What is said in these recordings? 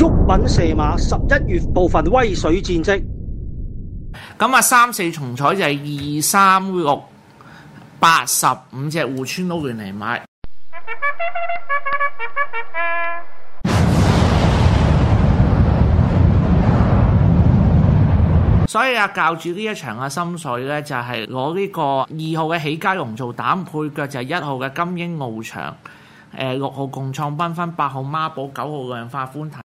沃品射馬十一月部分威水戰績，咁啊三四重彩就係二三六八十五隻互村撈亂嚟買，所以啊教主呢一場嘅心水呢，就係攞呢個二號嘅起家龍做膽配腳就係一號嘅金鷹傲翔，誒六號共創繽紛，八號孖寶，九號量化寬體。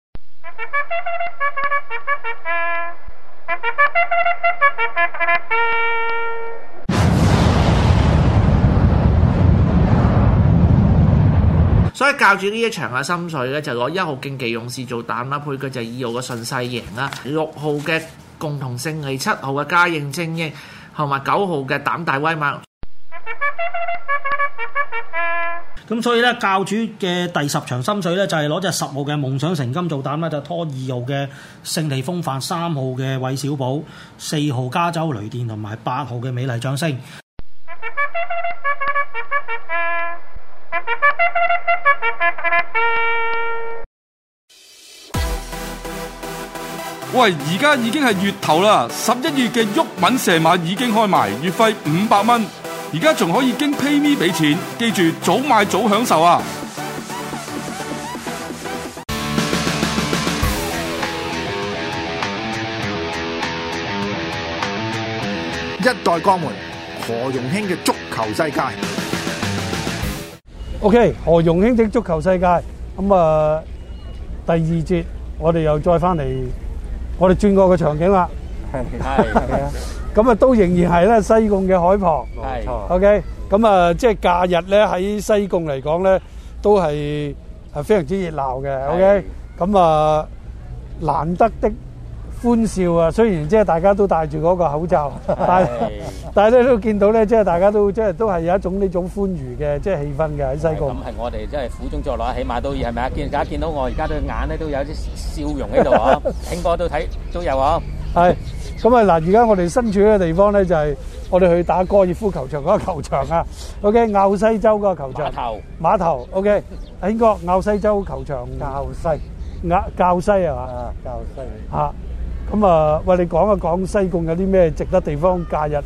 所以教住呢一場嘅心水呢，就攞一號競技勇士做膽啦，配佢就二號嘅順勢贏啦，六號嘅共同勝利，七號嘅家應精英，同埋九號嘅膽大威猛。咁所以咧，教主嘅第十場心水咧，就係攞隻十號嘅夢想成金做膽咧，就拖二號嘅勝利風範、三號嘅韋小寶、四號加州雷電同埋八號嘅美麗掌聲。喂，而家已經係月頭啦，十一月嘅鬱敏射馬已經開埋，月費五百蚊。而家仲可以經 PayMe 俾錢，記住早買早享受啊！一代鋼門何容興嘅足球世界，OK，何容興的足球世界，咁、okay, 啊，第二節我哋又再翻嚟，我哋轉過個場景啦。係係，咁啊都仍然係咧西貢嘅海旁，係 OK，咁啊即係假日咧喺西貢嚟講咧都係係非常之熱鬧嘅，OK，咁啊難得的歡笑啊，雖然即係大家都戴住嗰個口罩，但係咧都見到咧，即係大家都即係都係有一種呢種歡愉嘅即係氣氛嘅喺西貢。咁係我哋即係苦中作樂，起碼都係咪啊？見大家見到我而家對眼咧都有啲笑容喺度啊，聽哥都睇都有啊，係。咁啊，嗱，而家我哋身處嘅地方咧，就係我哋去打高爾夫球場嗰個球場啊。O.K. 滘西洲個球場。碼頭。碼頭。O.K. 英國？滘西洲球場。滘西。滘滘西啊嘛。啊，滘西。嚇，咁啊，喂，你講一講西貢有啲咩值得地方假日？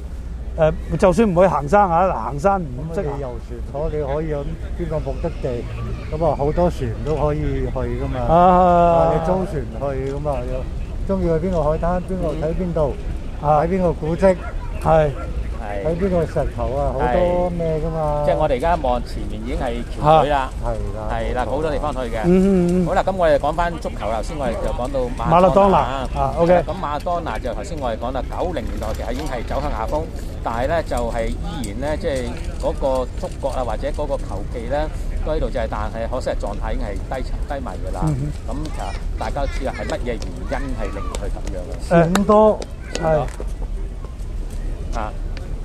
誒，就算唔去行山嚇，行山唔識遊船，我哋可以揾邊個目的地，咁啊好多船都可以去噶嘛。啊。你租船去咁啊要。中意去邊個海灘？邊個睇邊度？啊，喺邊個古蹟？係。係。喺邊個石頭啊？好多咩噶嘛？即係我哋而家望前面已經係橋尾啦。係啦。係啦，好多地方去嘅。嗯嗯嗯。好啦，咁我哋講翻足球啦。先我哋就講到馬。馬拉多納啊。啊。O K. 咁馬拉多納就頭先我哋講啦，九零年代其實已經係走向下風，但係咧就係依然咧，即係嗰個觸覺啊，或者嗰個球技咧。嗰度就係，但係可惜係狀態已經係低低迷嘅啦。咁啊，大家知啊，係乜嘢原因係令佢咁樣嘅？誒，唔多係啊。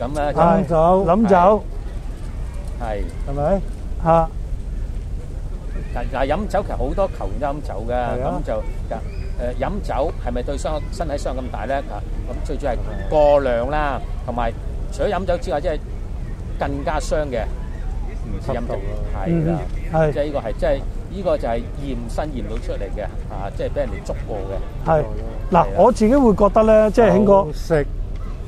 咁啊，飲酒飲酒係係咪嚇？嗱嗱，飲酒其實好多球員都飲酒㗎。咁就嘅誒，飲酒係咪對傷身體傷咁大咧？嚇咁最主要係過量啦，同埋除咗飲酒之外，即係更加傷嘅。唔知陰毒係啦，即係呢個係即係呢個就係驗身驗到出嚟嘅，啊，即係俾人哋捉過嘅。係嗱，我自己會覺得咧，即係興哥食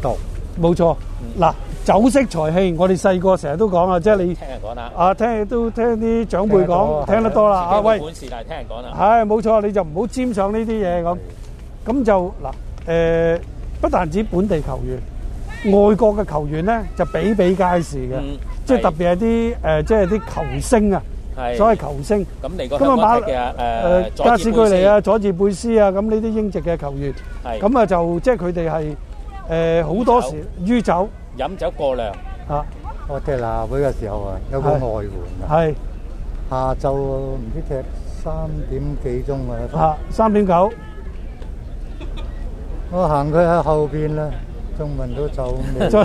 毒冇錯。嗱，酒色財氣，我哋細個成日都講啊，即係你聽人講啦，啊，聽都聽啲長輩講，聽得多啦。啊，喂，冇事，但係聽人講啦。係冇錯，你就唔好沾上呢啲嘢咁。咁就嗱誒，不但止本地球員，外國嘅球員咧就比比皆是嘅。即係特別係啲誒，即係啲球星啊，所謂球星，咁啊馬誒，加斯居尼啊，佐治貝斯啊，咁呢啲英籍嘅球員，咁啊就即係佢哋係誒好多時酗酒、飲酒過量啊。我踢南華嘅時候啊，有個外援啊。係下晝唔知踢三點幾鐘啊？吓，三點九，我行佢喺後邊啦。仲聞到酒味，即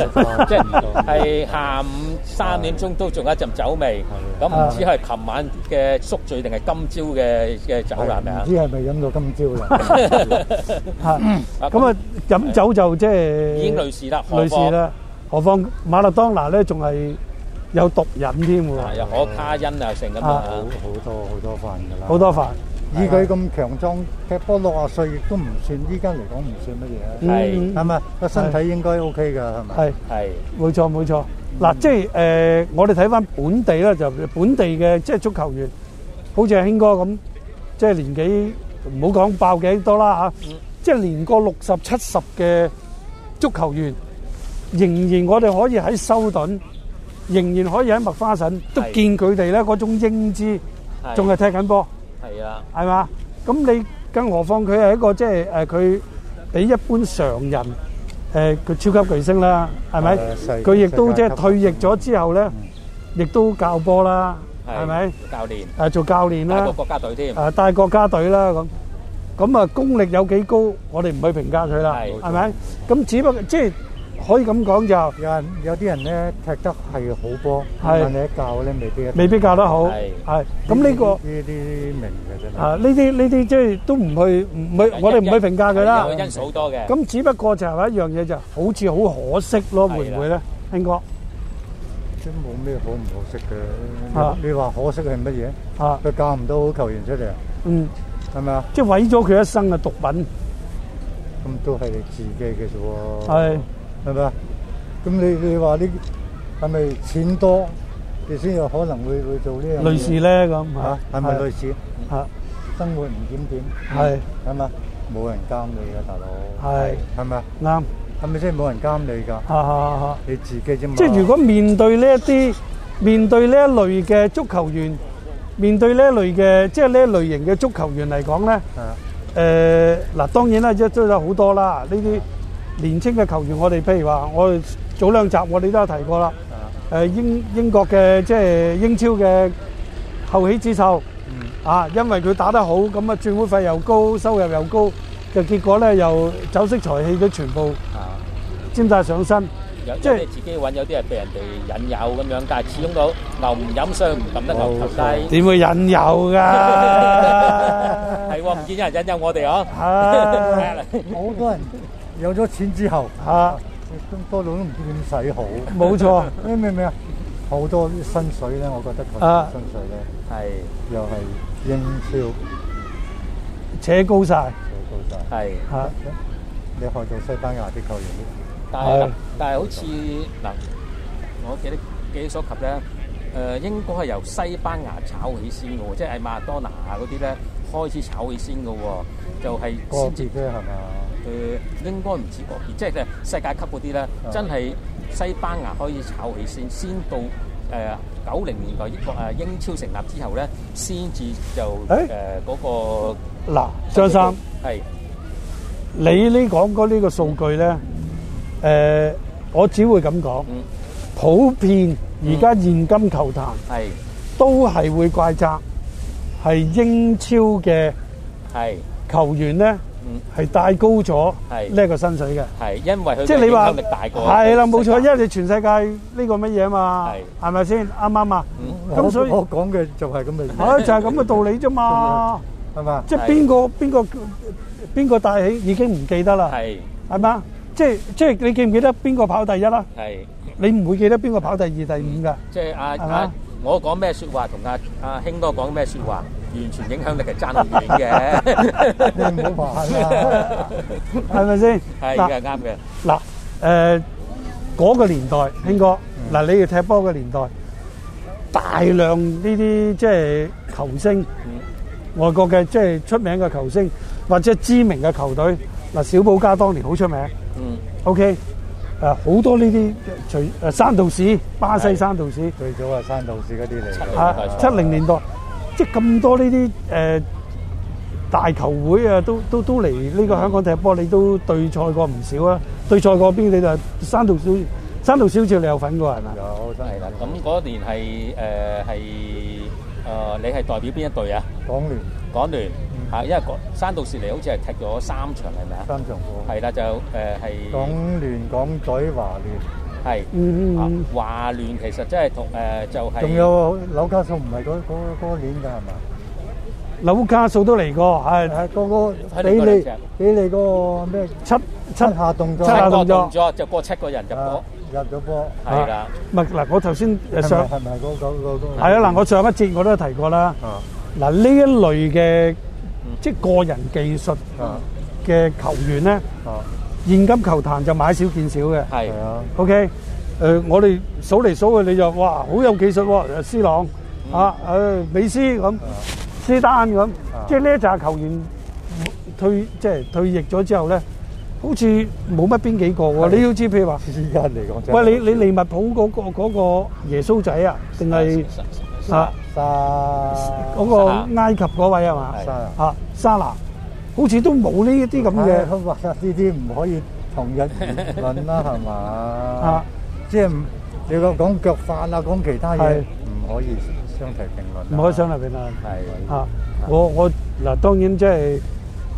係係下午三點鐘都仲有一陣酒味。咁唔知係琴晚嘅宿醉定係今朝嘅嘅酒啦？唔知係咪飲到今朝啦？咁啊飲酒就即係已經類似啦，類似啦。何況馬勒當拿咧仲係有毒飲添喎。又可卡因啊，成咁多啊，好多好多份㗎啦，好多份。以佢咁強壯，踢波六啊歲亦都唔算，依家嚟講唔算乜嘢。係咪個身體應該 O K 㗎？係咪？係係，冇錯冇錯。嗱、嗯，即係、呃、我哋睇翻本地咧，就本地嘅即係足球員，好似阿興哥咁，即係年紀唔好講爆幾多啦，即係年過六十七十嘅足球員，仍然我哋可以喺修頓，仍然可以喺麥花臣都見佢哋咧嗰種英姿，仲係踢緊波。係啊，係嘛，咁你更何況佢係一個即係誒，佢比一般常人誒，佢超級巨星啦，係咪？佢亦都即係退役咗之後咧，亦都教波啦，係咪？教練誒做教練啦，帶國家隊添，誒帶國家隊啦咁，咁啊功力有幾高，我哋唔去評價佢啦，係咪？咁只不過即係。可以咁講就，有有啲人咧踢得係好波，但你教咧未必未必教得好。係係咁呢個呢啲明嘅啫。啊，呢啲呢啲即係都唔去唔去，我哋唔去評價佢啦。又會欣賞好多嘅。咁只不過就係話一樣嘢就，好似好可惜咯，會唔會咧？興哥，即係冇咩好唔可惜嘅。啊，你話可惜係乜嘢？啊，佢教唔到好球員出嚟啊。嗯。係咪啊？即係毀咗佢一生嘅毒品。咁都係你自己嘅啫喎。係。係咪啊？咁你你話呢？係咪錢多你先有可能會會做呢樣嘢？類似咧咁吓，係咪類似吓？生活唔檢點係係咪？冇人監你噶，大佬係係咪啊？啱係咪即係冇人監你噶？啊啊啊！你自己啫嘛。即係如果面對呢一啲，面對呢一類嘅足球員，面對呢一類嘅即係呢類型嘅足球員嚟講咧，誒嗱，當然啦，即係追咗好多啦呢啲。年青嘅球員，我哋譬如話，我哋早兩集我哋都有提過啦。誒，英英國嘅即係英超嘅後起之秀，啊，因為佢打得好，咁啊轉會費又高，收入又高，就結果咧又酒色財氣，佢全部沾曬上身。即係你自己揾，有啲係畀人哋引誘咁樣，但係始終都牛唔飲水唔撳得牛頭低。點會引誘㗎？係喎，唔見有人引誘我哋哦。係，好多人。有咗錢之後，嚇，多到都唔知點使好。冇錯，明唔明啊？好多啲薪水咧，我覺得佢薪水咧，係又係英超扯高曬，扯高曬，係嚇。你去到西班牙啲球員，但係但係好似嗱，我記得記憶所及咧，誒，應該係由西班牙炒起先嘅喎，即係馬勒當拿嗰啲咧開始炒起先嘅喎，就係先自己係嘛？佢應該唔止嗰啲，即係咧世界級嗰啲咧，真係西班牙可以炒起先，先到誒九零年代，英國誒英超成立之後咧，先至就誒嗰個。嗱，張生係你呢講嗰呢個數據咧？誒，我只會咁講，普遍而家現今球壇係都係會怪責係英超嘅係球員咧。係大高咗呢個薪水嘅，係因為佢即係你話吸引力大過係啦，冇錯，因為全世界呢個乜嘢啊嘛，係咪先？啱唔啱啊？咁所以我講嘅就係咁嘅意思，就係咁嘅道理啫嘛，係咪？即係邊個邊個邊個帶起已經唔記得啦，係係嘛？即係即係你記唔記得邊個跑第一啦？係你唔會記得邊個跑第二、第五噶？即係阿阿我講咩說話同阿阿興哥講咩說話？完全影響力係爭唔遠嘅，你唔好話啦，係咪先？係而家係啱嘅。嗱，誒嗰個年代，興哥，嗱，你哋踢波嘅年代，大量呢啲即係球星，外國嘅即係出名嘅球星，或者知名嘅球隊。嗱，小保加當年好出名，OK，誒好多呢啲，除誒山度士、巴西山度士，最早係山度士嗰啲嚟，七零年代。即咁多呢啲誒大球會啊，都都都嚟呢個香港踢波，你都對賽過唔少啊！對賽過邊，你就山度士山度士少，你有份過係嘛？有真係粉。咁嗰年係誒係啊，你係代表邊一隊啊？港聯。港聯吓，因為山度士嚟好似係踢咗三場係咪啊？三場波。係啦，就誒係。港聯、港隊、華聯。係，嗯嗯嗯，華聯其實真係同誒就係。仲有紐卡素唔係嗰嗰嗰年㗎，係嘛？紐卡素都嚟過，係係嗰個俾你俾你嗰個咩七七下動作。七下動作就過七個人入波，入咗波。係啦，唔係嗱，我頭先上，係咪嗰嗰嗰個？係啊，嗱，我上一節我都提過啦。嗱，呢一類嘅即係個人技術嘅球員咧。現今球壇就買少見少嘅，係啊。O K，誒，我哋數嚟數去，你就哇，好有技術喎，C 朗、嗯、啊，誒、呃，美斯咁，斯丹咁、啊，即係呢一紮球員退即係退役咗之後咧，好似冇乜邊幾個喎、啊。你都知譬如話，依家嚟講，喂，你你利物浦嗰、嗰個嗰個耶穌仔是啊，定係啊沙嗰個埃及嗰位係嘛？沙啊，啊沙拿。好似都冇呢一啲咁嘅，呢啲唔可以同日而論啦，係 嘛？啊，即係你講講腳法啊，講其他嘢唔可以相提並論。唔可以相提並論。係啊，我我嗱當然即係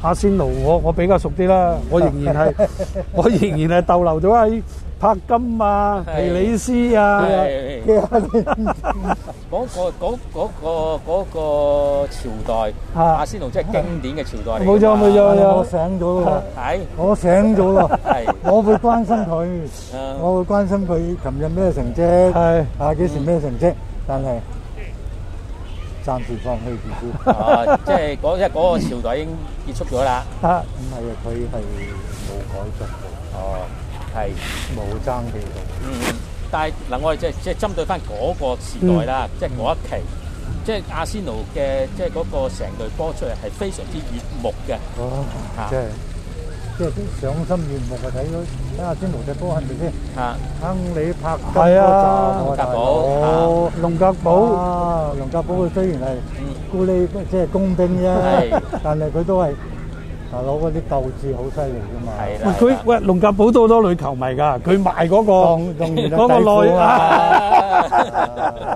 阿仙奴我，我我比較熟啲啦，我仍然係 我仍然係逗留咗喺。柏金啊，皮里斯啊，嗰個嗰嗰個嗰個朝代，阿仙奴真係經典嘅朝代嚟。冇錯冇錯，我醒咗啦，我醒咗啦，我會關心佢，我會關心佢，琴日咩成績？啊幾時咩成績？但係暫時放棄自己，即係嗰即係嗰個朝代已經結束咗啦。唔係啊，佢係冇改進。係冇爭幾多，嗯，但係嗱，我係即係即係針對翻嗰個時代啦，即係嗰一期，即係阿仙奴嘅即係嗰個成隊波出嚟係非常之悅目嘅，哦，即係即係啲賞心悅目嘅睇咯，睇阿仙奴隻波係咪先？啊，亨利拍金哥進龍格堡，哦，龍格堡啊，龍格堡佢雖然係顧利即係工兵啫，但係佢都係。啊！攞嗰啲鬥志好犀利噶嘛！佢喂，龍甲寶好多女球迷噶，佢賣嗰個嗰個女啊！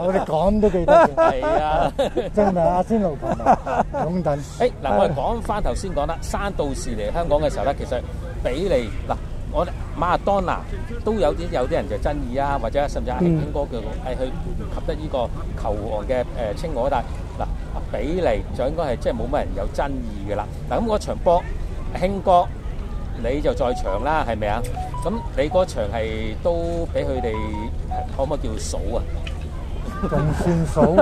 我哋講都幾得意？係啊！真係！阿仙奴，咁等。誒嗱，我哋講翻頭先講啦，山道士嚟香港嘅時候咧，其實比利嗱，我馬勒當拿都有啲有啲人就爭議啊，或者甚至係兵哥嘅，係去及得呢個球王嘅誒稱號，但嗱。比例，就應該係即係冇乜人有爭議㗎喇。咁嗰場波，興哥，你就在場啦，係咪呀？咁你嗰場係都俾佢哋，可唔可以叫數呀？仲算數？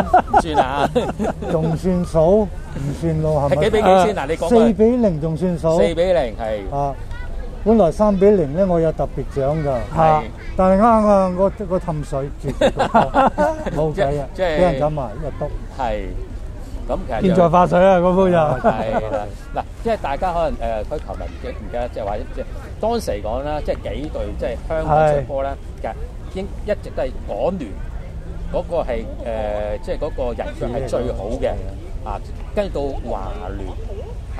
仲算數？唔算咯，係咪？係幾比幾？ 還算數? 還算數? 不算了, 現在化水啊！嗰幅就係啦。嗱，即係大家可能誒佢琴日，而家即係話即係當時講啦，即係幾隊即係香港出波咧，其實應一直都係港聯嗰個係誒，即係嗰個人數係最好嘅啊，跟住到華聯。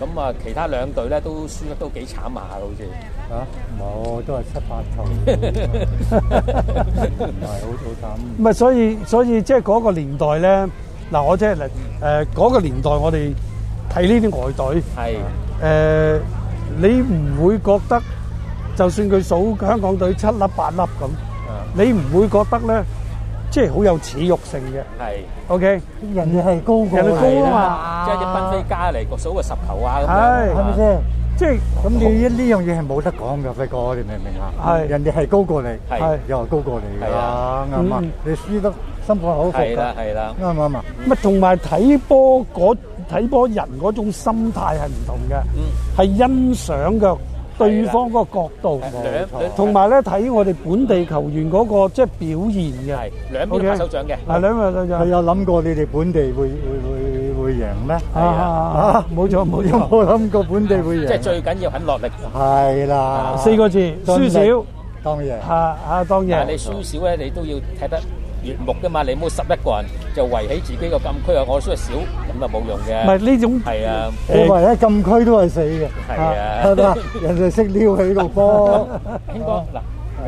咁啊，其他兩隊咧都輸得都幾慘嘛，好似嚇，冇都係七八球，唔係好好慘。唔係，所以所以即係嗰個年代咧，嗱我即係嚟誒嗰個年代，我哋睇呢啲外隊，係誒你唔會覺得，就算佢數香港隊七粒八粒咁，你唔會覺得咧。即係好有恥辱性嘅，係，OK。人哋係高過你啊，即係啲賓飛加嚟個數個十球啊，咁樣，係咪先？即係咁，你呢呢樣嘢係冇得講嘅，輝哥，你明唔明啊？係，人哋係高過你，係又高過你嘅啦，啱唔啱啊？你輸得心服口服㗎，係啦，係啦，啱唔啱啊？咁啊，同埋睇波嗰睇波人嗰種心態係唔同嘅，嗯，係欣賞嘅。對方個角度，同埋呢睇我哋本地球員嗰個即表現係兩邊都拍手掌嘅。你有諗過你哋本地會會會會贏咩？悦目噶嘛，你冇十一個人就圍起自己個禁區啊！我雖然少，咁就冇用嘅。唔係呢種，係啊，我圍喺禁區都係死嘅。係啊，係、啊、嘛？ 人哋識撩起這個波。軒、 啊、哥嗱、啊，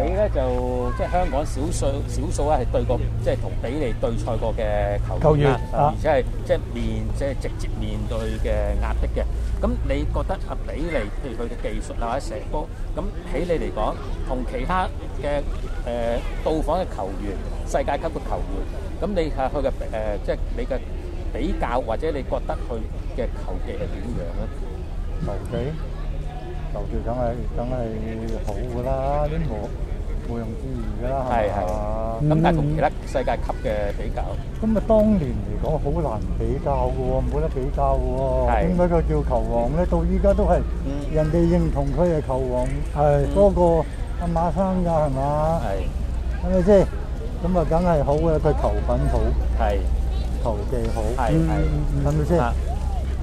你咧就即係 香港少數少 數咧係對過即係同比你對賽過嘅球球員,球員、啊、而且係即係面即係直接面對嘅壓迫嘅。咁你覺得啊，比嚟譬如佢嘅技術啊，或者射波，咁喺你嚟講，同其他嘅誒到訪嘅球員，世界級嘅球員，咁你啊，佢嘅誒，即係你嘅比較，或者你覺得佢嘅球技係點樣咧？球技，球技梗係梗係好噶啦，呢個。毋庸置疑㗎啦，係嘛？咁但係同其他世界級嘅比較，咁啊當年嚟講好難比較嘅喎，冇得比較喎。點解佢叫球王咧？到依家都係人哋認同佢係球王，係多過阿馬生㗎，係嘛？係，係咪先？咁啊，梗係好嘅，佢球品好，係球技好，係係係，係咪先？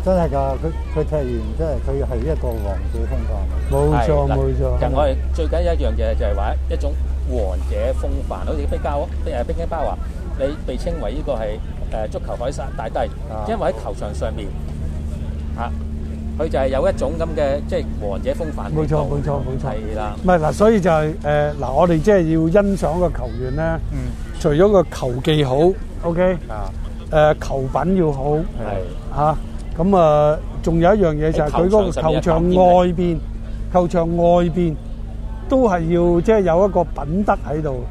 真係噶，佢佢踢完，真係佢係一個王者風範。冇錯冇錯。但我哋最緊要一樣嘢就係話一種王者風範，好似比膠冰誒冰堅包啊！你被稱為呢個係誒足球海沙大帝，因為喺球場上面嚇，佢就係有一種咁嘅即係王者風範。冇錯冇錯冇錯。係啦，唔係嗱，所以就係誒嗱，我哋即係要欣賞個球員咧。嗯。除咗個球技好，OK。啊。誒球品要好。係。嚇。咁啊，仲有一樣嘢就係佢嗰個球場外邊，球場外邊都係要即係有一個品德喺度，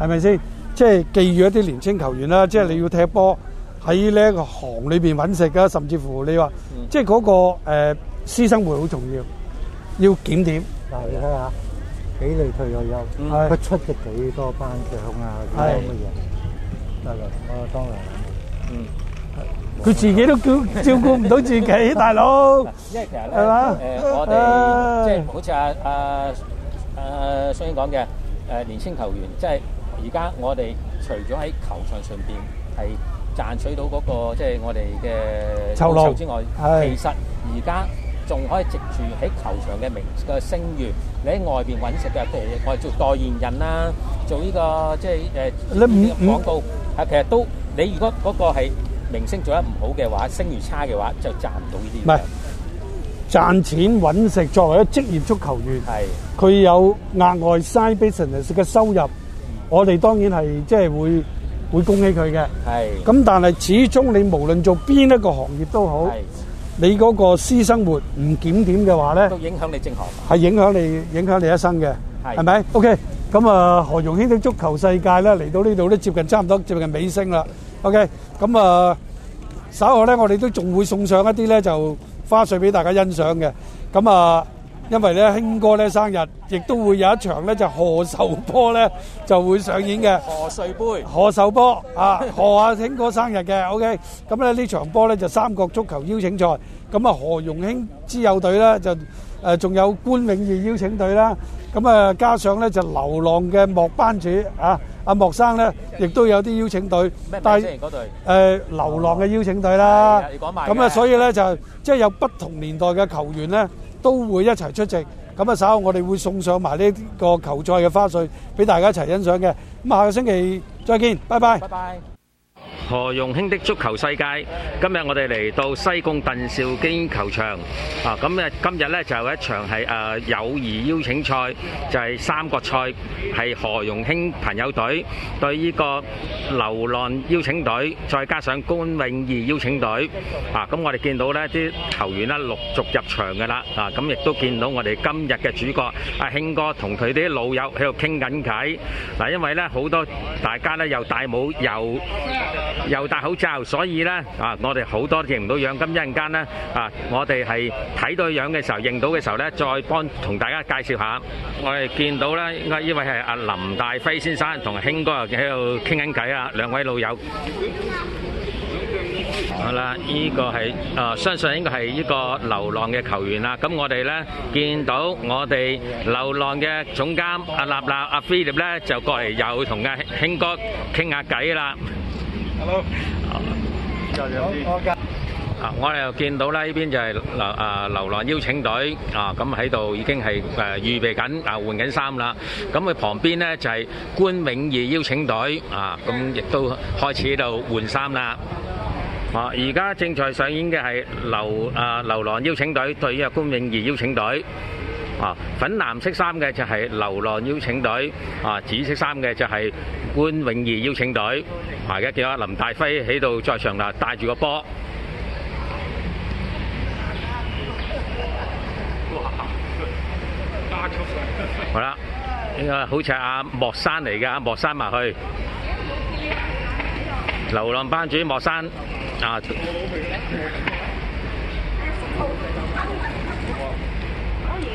係咪先？即係寄予一啲年青球員啦，即係，嗯，你要踢波喺呢一個行裏面揾食㗎。甚至乎你話即係嗰個、呃、私生活好重要，要檢點看看。嗱，你睇下比利退咗休，佢出席幾多頒獎啊？咁啲嘅嘢？阿梁，我當然。嗯。佢自己都照照顧唔到自己，大佬，因為其實係嘛？誒，我哋即係好似阿阿誒，上面講嘅誒年青球員，即係而家我哋除咗喺球場上邊係賺取到嗰個即係我哋嘅酬勞之外，其實而家仲可以藉住喺球場嘅名嘅聲譽，你喺外邊揾食嘅代我做代言人啦，做呢個即係誒廣告。係，其實都你如果嗰個係。明星做得唔好嘅話，聲譽差嘅話，就賺唔到呢啲。唔係賺錢揾食，作為一個職業足球員，係佢有額外 side business 嘅收入，嗯、我哋當然係即係會會恭喜佢嘅。係咁，但係始終你無論做邊一個行業都好，的你嗰個私生活唔檢點嘅話咧，都影響你正行，係影響你影響你一生嘅，係咪？OK，咁啊，何容興嘅足球世界咧嚟到呢度都接近差唔多接近尾聲啦。OK，咁啊。稍後咧，我哋都仲會送上一啲咧就花絮俾大家欣賞嘅。咁啊，因為咧興哥咧生日，亦都會有一場咧就賀壽波咧就會上演嘅。賀歲杯，賀壽波啊，賀吓興哥生日嘅。OK，咁咧呢場波咧就三角足球邀請賽。咁啊何容興之友隊啦，就誒仲有官永義邀請隊啦。咁啊加上咧就流浪嘅莫班主啊。阿莫生咧，亦都有啲邀請隊，但係誒流浪嘅邀請隊啦。咁啊，所以咧就即係有不同年代嘅球員咧，都會一齊出席。咁啊，稍後我哋會送上埋呢個球賽嘅花絮俾大家一齊欣賞嘅。咁啊，下個星期再見，拜拜。何容興的足球世界，今日我哋嚟到西貢鄧肇堅球場啊！咁啊，今日咧就有一場係誒友誼邀請賽，就係三國賽，係何容興朋友隊對呢個流浪邀請隊，再加上官永義邀請隊啊！咁我哋見到呢啲球員咧陸續入場噶啦啊！咁亦都見到我哋今日嘅主角阿興哥同佢啲老友喺度傾緊偈嗱，因為咧好多大家咧又戴帽又。又戴口罩，所以咧啊，我哋好多都認唔到樣。咁一陣間咧啊，我哋係睇到樣嘅時候，認到嘅時候咧，再幫同大家介紹下。我哋見到咧，應該呢位係阿林大輝先生同阿興哥喺度傾緊偈啊，兩位老友。好啦，呢個係誒，相信應該係呢個流浪嘅球員啦。咁我哋咧見到我哋流浪嘅總監阿立立阿菲力咧，就過嚟又同阿興哥傾下偈啦。hello，又你好，我哋又見到啦，呢邊就係流啊流浪邀請隊啊，咁喺度已經係誒預備緊啊，換緊衫啦。咁佢旁邊咧就係官永義邀請隊啊，咁亦都開始喺度換衫啦。啊，而家正在上演嘅係流啊流浪邀請隊對啊官永義邀請隊。啊！粉藍色衫嘅就係流浪邀請隊，啊！紫色衫嘅就係官永儀邀請隊，係嘅，叫阿林大輝喺度在場啦，帶住個波。哇！加速，好啦，呢個好似阿莫山嚟嘅，阿莫山埋去流浪班主莫山啊！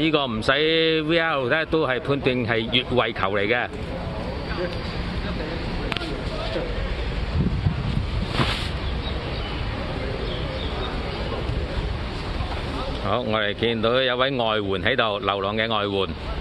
呢個唔使 V R 咧，都係判斷係越位球嚟嘅。好，我哋見到有位外援喺度，流浪嘅外援。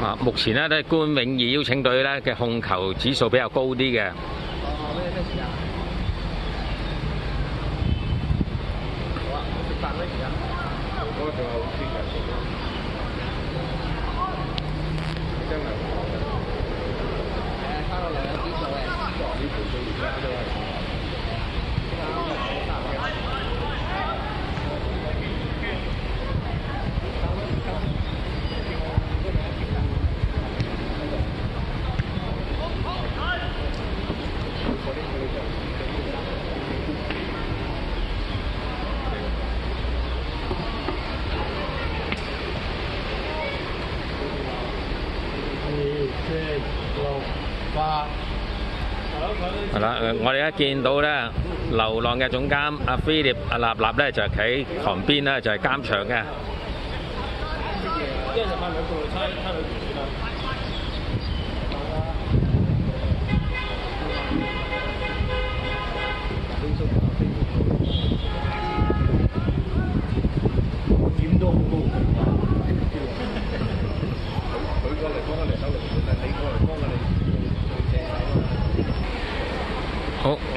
啊，目前咧都係官永義邀請隊咧嘅控球指數比較高啲嘅。係啦、 嗯，我哋一見到咧，流浪嘅總監阿菲力阿立立咧就係企喺旁邊咧，就係監場嘅。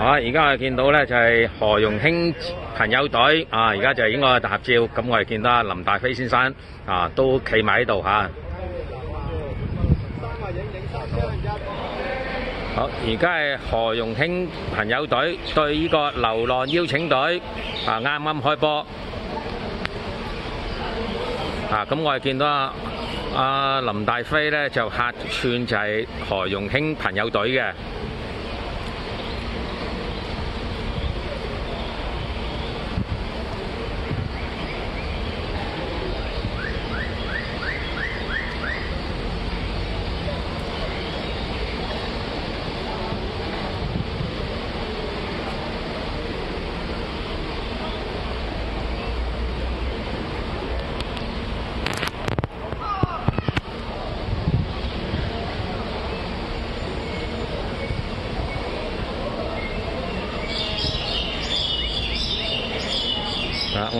好，而家我哋見到咧，就係何容興朋友隊啊，而家就係依個大合照。咁我哋見到阿林大飛先生啊，都企埋喺度吓。好，而家係何容興朋友隊對依個流浪邀請隊啊，啱啱開波啊。咁我哋見到阿阿林大飛咧，就客串就係何容興朋友隊嘅。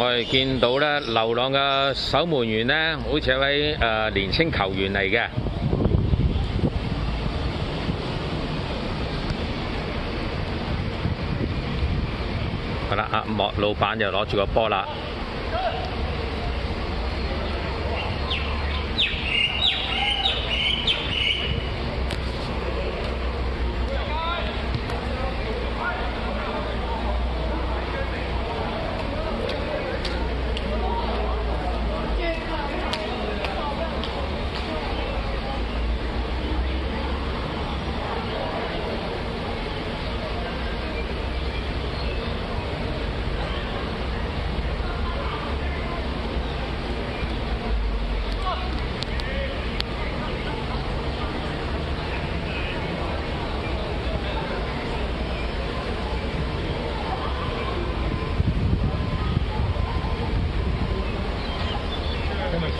我哋見到咧，流浪嘅守門員咧，好似一位誒年輕球員嚟嘅。好啦，阿莫老闆就攞住個波啦。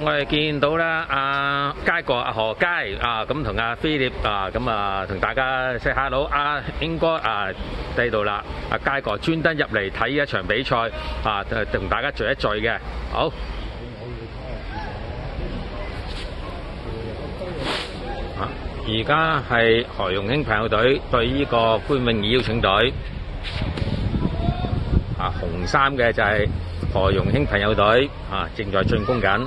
我哋見到啦，阿佳哥阿何佳啊，咁同阿 Philip 啊，咁啊同大家 say hello 阿應該啊喺度啦。阿佳哥專登入嚟睇依一場比賽啊，同大家聚一聚嘅好。啊，而家係何容興朋友隊對依個潘永儀邀請隊。啊，紅衫嘅就係何容興朋友隊啊，正在進攻緊。